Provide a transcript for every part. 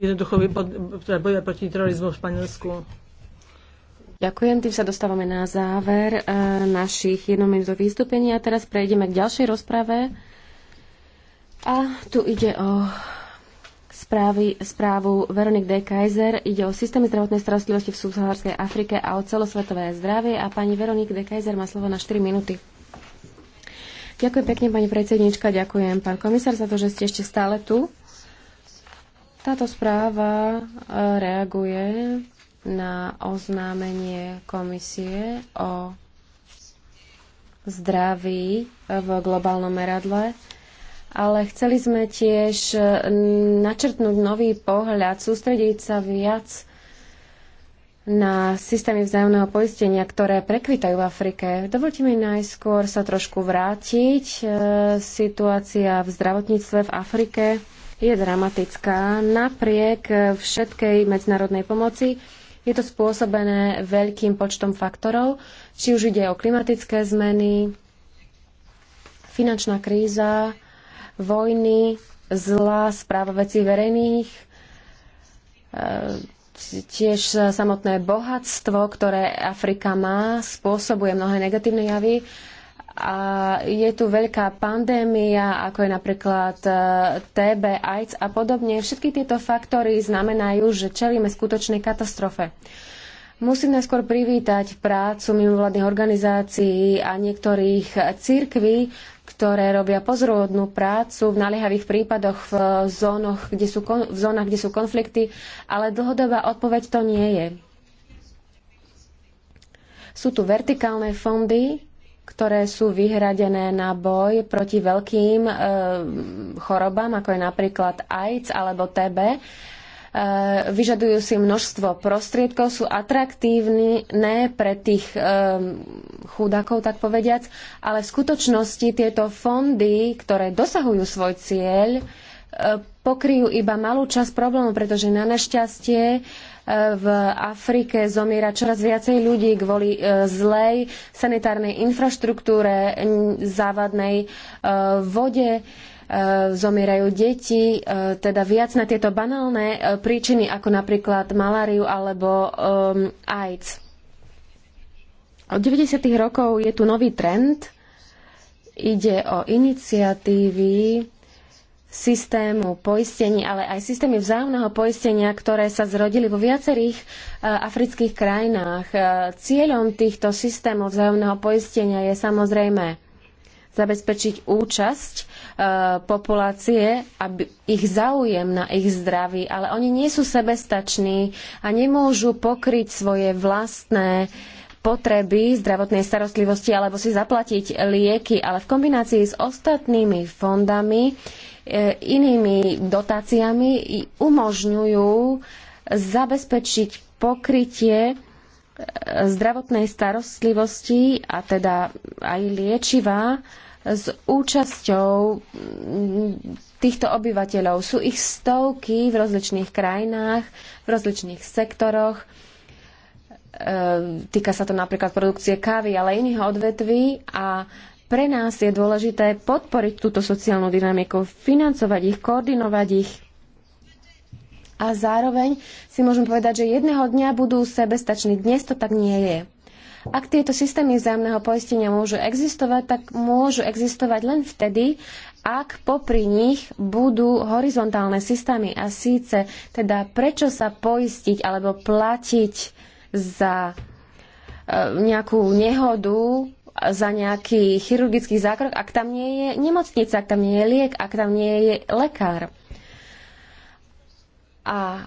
jednoducho teda boja proti terorizmu v Španielsku. Ďakujem, tým sa dostávame na záver eh, našich jednominútových vystúpení a teraz prejdeme k ďalšej rozprave. A tu ide o správy, správu Veronik D. Kaiser. Ide o systém zdravotnej starostlivosti v subsahárskej Afrike a o celosvetové zdravie. A pani Veronik D. Kaiser má slovo na 4 minúty. Ďakujem pekne, pani predsednička, ďakujem, pán komisár, za to, že ste ešte stále tu. Táto správa e, reaguje na oznámenie komisie o zdraví e, v globálnom meradle, ale chceli sme tiež e, načrtnúť nový pohľad, sústrediť sa viac na systémy vzájomného poistenia, ktoré prekvitajú v Afrike. Dovolte mi najskôr sa trošku vrátiť. E, situácia v zdravotníctve v Afrike je dramatická. Napriek všetkej medzinárodnej pomoci je to spôsobené veľkým počtom faktorov, či už ide o klimatické zmeny, finančná kríza, vojny, zlá správa vecí verejných, e, Tiež samotné bohatstvo, ktoré Afrika má, spôsobuje mnohé negatívne javy. A je tu veľká pandémia, ako je napríklad e, TB, AIDS a podobne. Všetky tieto faktory znamenajú, že čelíme skutočnej katastrofe. Uh, Musím najskôr privítať prácu mimovládnych organizácií a niektorých církví, ktoré robia pozorodnú prácu v naliehavých prípadoch v, zónach, kde sú, v zónach, kde sú konflikty, ale dlhodobá odpoveď to nie je. Sú tu vertikálne fondy, ktoré sú vyhradené na boj proti veľkým e, chorobám, ako je napríklad AIDS alebo TB Eh, vyžadujú si množstvo prostriedkov, sú atraktívne pre tých eh, chudákov, tak povediac, ale v skutočnosti tieto fondy, ktoré dosahujú svoj cieľ, eh, pokryjú iba malú časť problémov, pretože na našťastie v Afrike zomiera čoraz viacej ľudí kvôli zlej sanitárnej infraštruktúre, závadnej vode. E, zomierajú deti, e, teda viac na tieto banálne e, príčiny, ako napríklad maláriu alebo AIDS. Od 90. rokov je tu nový trend. Ide o iniciatívy systému poistení, ale aj systémy vzájomného poistenia, ktoré sa zrodili vo viacerých afrických krajinách. Cieľom týchto systémov vzájomného poistenia je samozrejme zabezpečiť účasť e, populácie, aby ich záujem na ich zdraví, ale oni nie sú sebestační a nemôžu pokryť svoje vlastné potreby zdravotnej starostlivosti alebo si zaplatiť lieky, ale v kombinácii s ostatnými fondami, e, inými dotáciami umožňujú zabezpečiť pokrytie zdravotnej starostlivosti a teda aj liečivá s účasťou mm, týchto obyvateľov. Sú ich stovky v rozličných krajinách, v rozličných sektoroch. E, týka sa to napríklad produkcie kávy, ale iných odvetví a pre nás je dôležité podporiť túto sociálnu dynamiku, financovať ich, koordinovať ich a zároveň si môžeme povedať, že jedného dňa budú sebestační. Dnes to tak nie je. Ak tieto systémy vzájomného poistenia môžu existovať, tak môžu existovať len vtedy, ak popri nich budú horizontálne systémy a síce teda prečo sa poistiť alebo platiť za e, nejakú nehodu, za nejaký chirurgický zákrok, ak tam nie je nemocnica, ak tam nie je liek, ak tam nie je lekár. A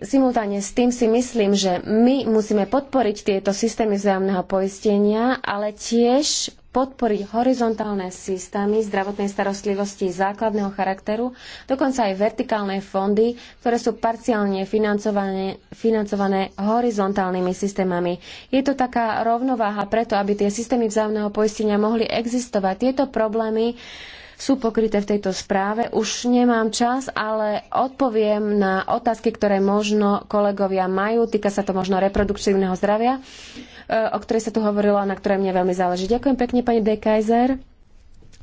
simultáne s tým si myslím, že my musíme podporiť tieto systémy vzájomného poistenia, ale tiež podporiť horizontálne systémy zdravotnej starostlivosti základného charakteru, dokonca aj vertikálne fondy, ktoré sú parciálne financované, financované horizontálnymi systémami. Je to taká rovnováha preto, aby tie systémy vzájomného poistenia mohli existovať. Tieto problémy uh, sú pokryté v tejto správe. Už nemám čas, ale odpoviem na otázky, ktoré možno kolegovia majú. Týka sa to možno reprodukčívneho zdravia, e, o ktorej sa tu hovorilo a na ktoré mne veľmi záleží. Ďakujem pekne, pani De Kaiser.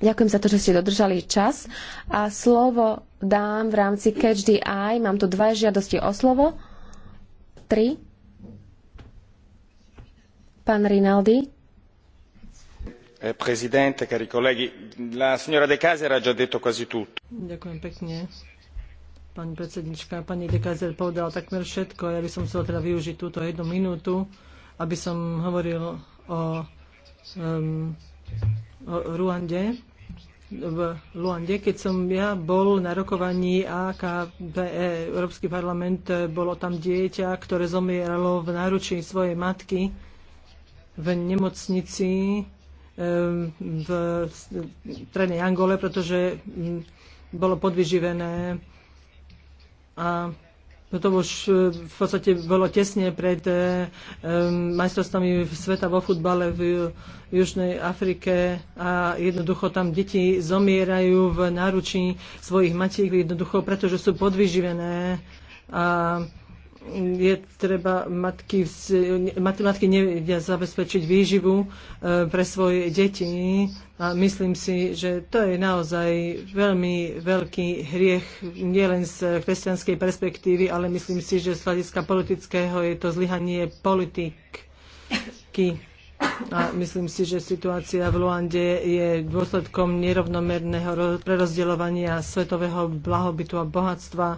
Ďakujem za to, že ste dodržali čas. A slovo dám v rámci Catch the Eye. Mám tu dva žiadosti o slovo. Tri. Pán Rinaldi. Eh, presidente cari colleghi la signora de keyser ha già detto quasi tutto. Ďakujem pekne. Pani predsednička, pani de Kaiser povedala takmer všetko. Ja by som chcela teda využiť túto jednu minútu, aby som hovoril o, um, o Ruande. V Luande, keď som ja bol na rokovaní AKPE, Európsky parlament, eh, bolo tam dieťa, ktoré zomieralo v náručí svojej matky v nemocnici v strednej Angole, pretože bolo podvyživené a to už e, v podstate bolo tesne pred e, majstrovstvami sveta vo futbale v Južnej Afrike a jednoducho tam deti zomierajú v náručí svojich matiek, jednoducho pretože sú podvyživené a je treba matky, matky nevedia zabezpečiť výživu e, pre svoje deti a myslím si, že to je naozaj veľmi veľký hriech nielen z kresťanskej perspektívy, ale myslím si, že z hľadiska politického je to zlyhanie politiky. A myslím si, že situácia v Luande je dôsledkom nerovnomerného prerozdeľovania svetového blahobytu a bohatstva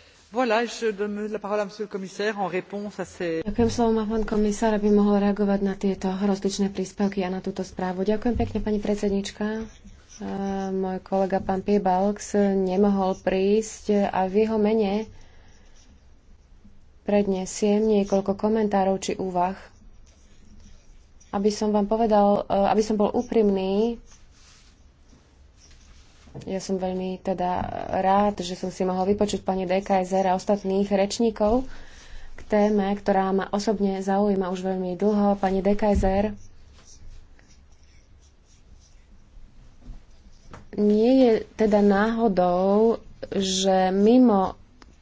Ďakujem slovo má pán komisár, aby mohol reagovať na tieto rozličné príspevky a na túto správu. Ďakujem pekne, pani predsednička. E, môj kolega pán Piebalks nemohol prísť a v jeho mene prednesiem niekoľko komentárov či úvah. Aby som vám povedal, e, aby som bol úprimný, ja som veľmi teda rád, že som si mohol vypočuť pani DKSR a ostatných rečníkov k téme, ktorá ma osobne zaujíma už veľmi dlho. Pani DKSR nie je teda náhodou, že mimo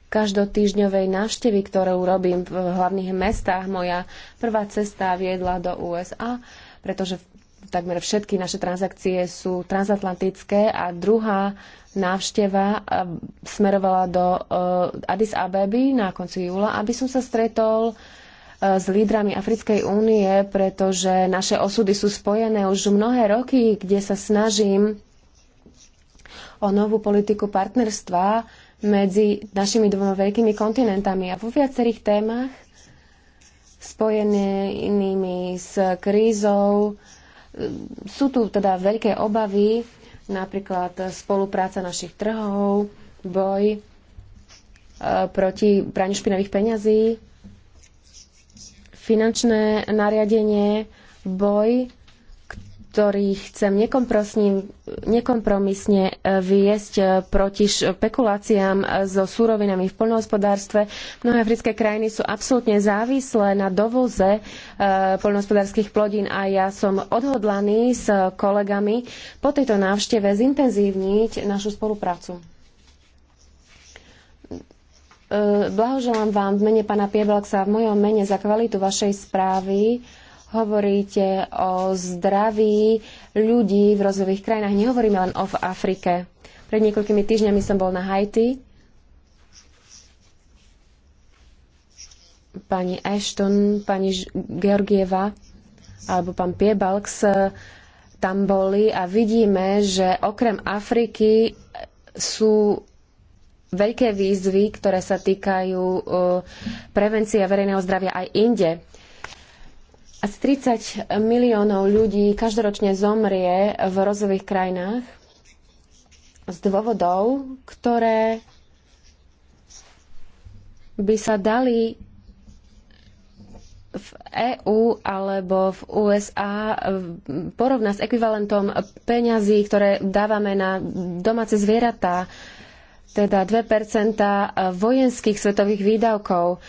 každotýždňovej návštevy, ktorú robím v hlavných mestách, moja prvá cesta viedla do USA, pretože takmer všetky naše transakcie sú transatlantické a druhá návšteva eh, smerovala do eh, Addis Abeby na konci júla, aby som sa stretol eh, s lídrami Africkej únie, pretože naše osudy sú spojené už mnohé roky, kde sa snažím o novú politiku partnerstva medzi našimi dvoma veľkými kontinentami a vo viacerých témach spojenými s krízou, sú tu teda veľké obavy, napríklad spolupráca našich trhov, boj e, proti praniu špinavých peňazí, finančné nariadenie, boj ktorých chcem nekompromisne e, viesť e, proti špekuláciám e, so súrovinami v poľnohospodárstve. Mnohé africké krajiny sú absolútne závislé na dovoze poľnohospodárskych plodín a ja som odhodlaný s kolegami po tejto návšteve zintenzívniť našu spoluprácu. Blahoželám vám v mene pána Piebelksa v mojom mene za kvalitu vašej správy hovoríte o zdraví ľudí v rozvojových krajinách. Nehovoríme len o Afrike. Pred niekoľkými týždňami som bol na Haiti. Pani Ashton, pani Georgieva alebo pán Piebalks eh, tam boli a vidíme, že okrem Afriky eh, sú veľké výzvy, ktoré sa týkajú eh, prevencie verejného zdravia aj inde. Asi 30 miliónov ľudí každoročne zomrie v rozových krajinách z dôvodov, ktoré by sa dali v EÚ alebo v USA porovnať s ekvivalentom peňazí, ktoré dávame na domáce zvieratá, teda 2 vojenských svetových výdavkov.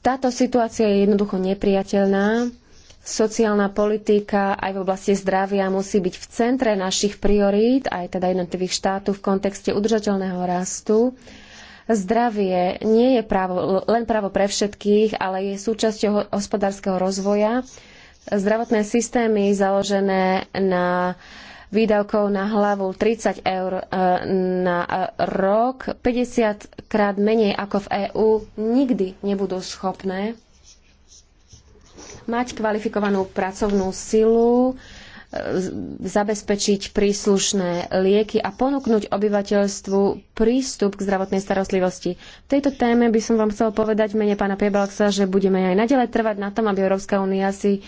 Táto situácia je jednoducho nepriateľná Sociálna politika aj v oblasti zdravia musí byť v centre našich priorít, aj teda jednotlivých štátov v kontexte udržateľného rastu. Zdravie nie je právo, len právo pre všetkých, ale je súčasťou hospodárskeho rozvoja. Zdravotné systémy založené na výdavkov na hlavu 30 eur e, na rok, 50 krát menej ako v EÚ, nikdy nebudú schopné mať kvalifikovanú pracovnú silu, e, zabezpečiť príslušné lieky a ponúknuť obyvateľstvu prístup k zdravotnej starostlivosti. V tejto téme by som vám chcel povedať mene pána Piebalksa, že budeme aj naďalej trvať na tom, aby Európska únia si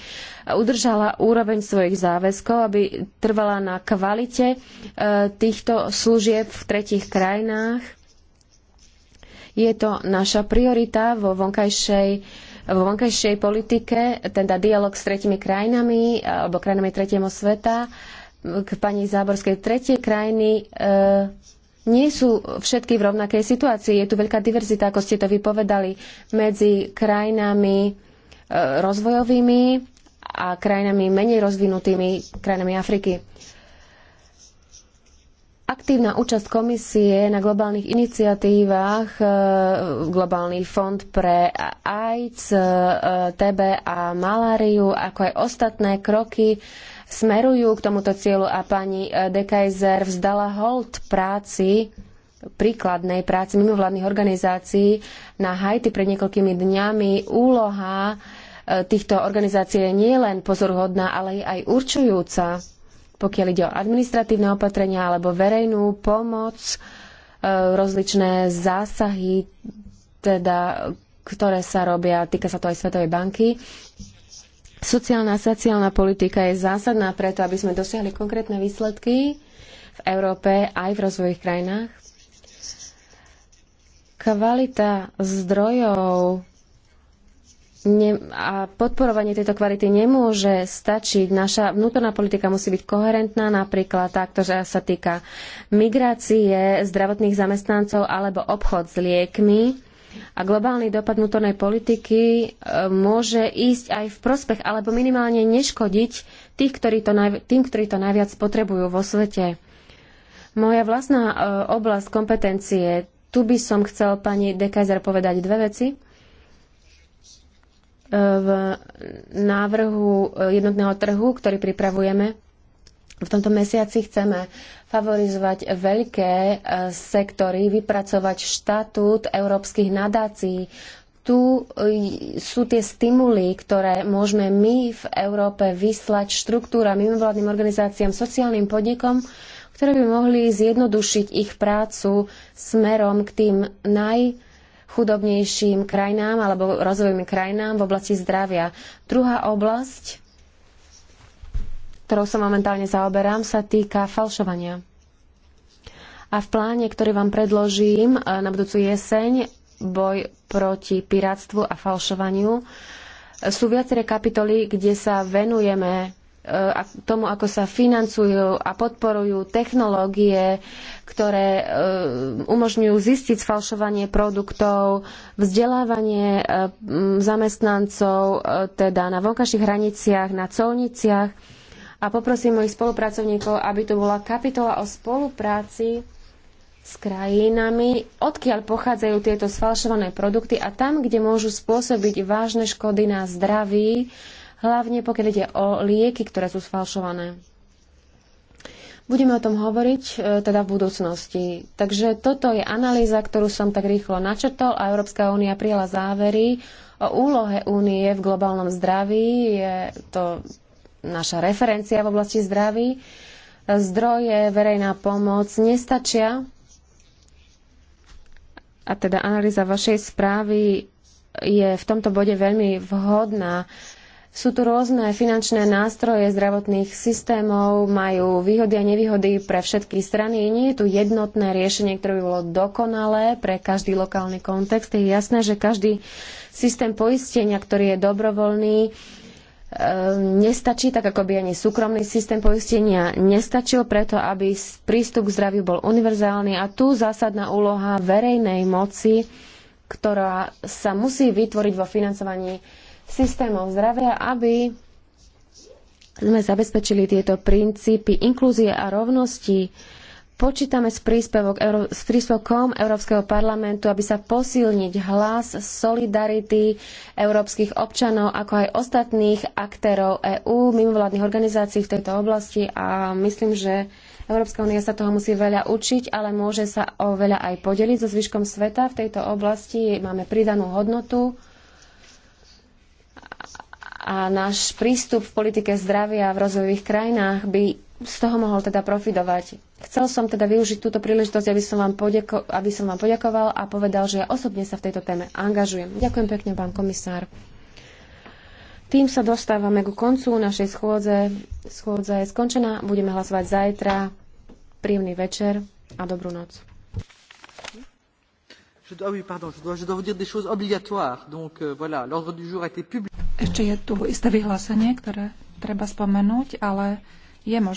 udržala úroveň svojich záväzkov, aby trvala na kvalite e, týchto služieb v tretich krajinách. Je to naša priorita vo vonkajšej vo vonkajšej politike, teda dialog s tretimi krajinami eh, alebo krajinami tretieho sveta, k pani Záborskej tretie krajiny e, nie sú všetky v rovnakej situácii. Je tu veľká diverzita, ako ste to vypovedali, medzi krajinami e, rozvojovými a krajinami menej rozvinutými, krajinami Afriky. Aktívna účasť komisie na globálnych iniciatívach, e, globálny fond pre AIDS, e, TB a maláriu, ako aj ostatné kroky smerujú k tomuto cieľu a pani e, De vzdala hold práci príkladnej práci mimovládnych organizácií na Haiti pred niekoľkými dňami. Úloha týchto organizácií je nielen pozoruhodná, ale aj určujúca pokiaľ ide o administratívne opatrenia alebo verejnú pomoc, e, rozličné zásahy, teda, ktoré sa robia, týka sa to aj Svetovej banky. Sociálna a sociálna politika je zásadná preto, aby sme dosiahli konkrétne výsledky v Európe aj v rozvojových krajinách. Kvalita zdrojov a podporovanie tejto kvality nemôže stačiť. Naša vnútorná politika musí byť koherentná, napríklad tá, ktorá sa týka migrácie, zdravotných zamestnancov alebo obchod s liekmi. A globálny dopad vnútornej politiky e, môže ísť aj v prospech alebo minimálne neškodiť tých, ktorí to tým, ktorí to najviac potrebujú vo svete. Moja vlastná e, oblasť kompetencie, tu by som chcel pani Dekajzer povedať dve veci v návrhu jednotného trhu, ktorý pripravujeme, v tomto mesiaci chceme favorizovať veľké e, sektory, vypracovať štatút európskych nadácií. Tu e, sú tie stimuly, ktoré môžeme my v Európe vyslať štruktúram, mimovládnym organizáciám, sociálnym podnikom, ktoré by mohli zjednodušiť ich prácu smerom k tým naj chudobnejším krajinám alebo rozvojovým krajinám v oblasti zdravia. Druhá oblasť, ktorou sa momentálne zaoberám, sa týka falšovania. A v pláne, ktorý vám predložím eh, na budúcu jeseň, boj proti pirátstvu a falšovaniu, eh, sú viaceré kapitoly, kde sa venujeme tomu, ako sa financujú a podporujú technológie, ktoré e, umožňujú zistiť sfalšovanie produktov, vzdelávanie e, zamestnancov e, teda na vonkajších hraniciach, na colniciach. A poprosím mojich spolupracovníkov, aby tu bola kapitola o spolupráci s krajinami, odkiaľ pochádzajú tieto sfalšované produkty a tam, kde môžu spôsobiť vážne škody na zdraví, hlavne pokiaľ ide o lieky, ktoré sú sfalšované. Budeme o tom hovoriť e, teda v budúcnosti. Takže toto je analýza, ktorú som tak rýchlo načrtol a Európska únia prijala závery o úlohe únie v globálnom zdraví. Je to naša referencia v oblasti zdraví. Zdroje, verejná pomoc nestačia. A teda analýza vašej správy je v tomto bode veľmi vhodná. Sú tu rôzne finančné nástroje zdravotných systémov, majú výhody a nevýhody pre všetky strany. Nie je tu jednotné riešenie, ktoré by bolo dokonalé pre každý lokálny kontext. Je jasné, že každý systém poistenia, ktorý je dobrovoľný, e, nestačí, tak ako by ani súkromný systém poistenia nestačil preto, aby prístup k zdraviu bol univerzálny a tu zásadná úloha verejnej moci, ktorá sa musí vytvoriť vo financovaní systémov zdravia, aby sme zabezpečili tieto princípy inklúzie a rovnosti. Počítame s, príspevok, s príspevkom Európskeho parlamentu, aby sa posilniť hlas solidarity európskych občanov, ako aj ostatných aktérov EÚ, mimovládnych organizácií v tejto oblasti a myslím, že Európska únia sa toho musí veľa učiť, ale môže sa o veľa aj podeliť so zvyškom sveta. V tejto oblasti máme pridanú hodnotu a náš prístup v politike zdravia v rozvojových krajinách by z toho mohol teda profitovať. Chcel som teda využiť túto príležitosť, aby som, vám podeko- aby som vám poďakoval a povedal, že ja osobne sa v tejto téme angažujem. Ďakujem pekne, pán komisár. Tým sa dostávame ku koncu našej schôdze. Schôdza je skončená. Budeme hlasovať zajtra. Príjemný večer a dobrú noc. Je dois, oui, pardon, je dois, je dois vous dire des choses obligatoires. Donc euh, voilà, l'ordre du jour a été publié. Ešte je tu isté vyhlásenie, ktoré treba spomenúť, ale je možné.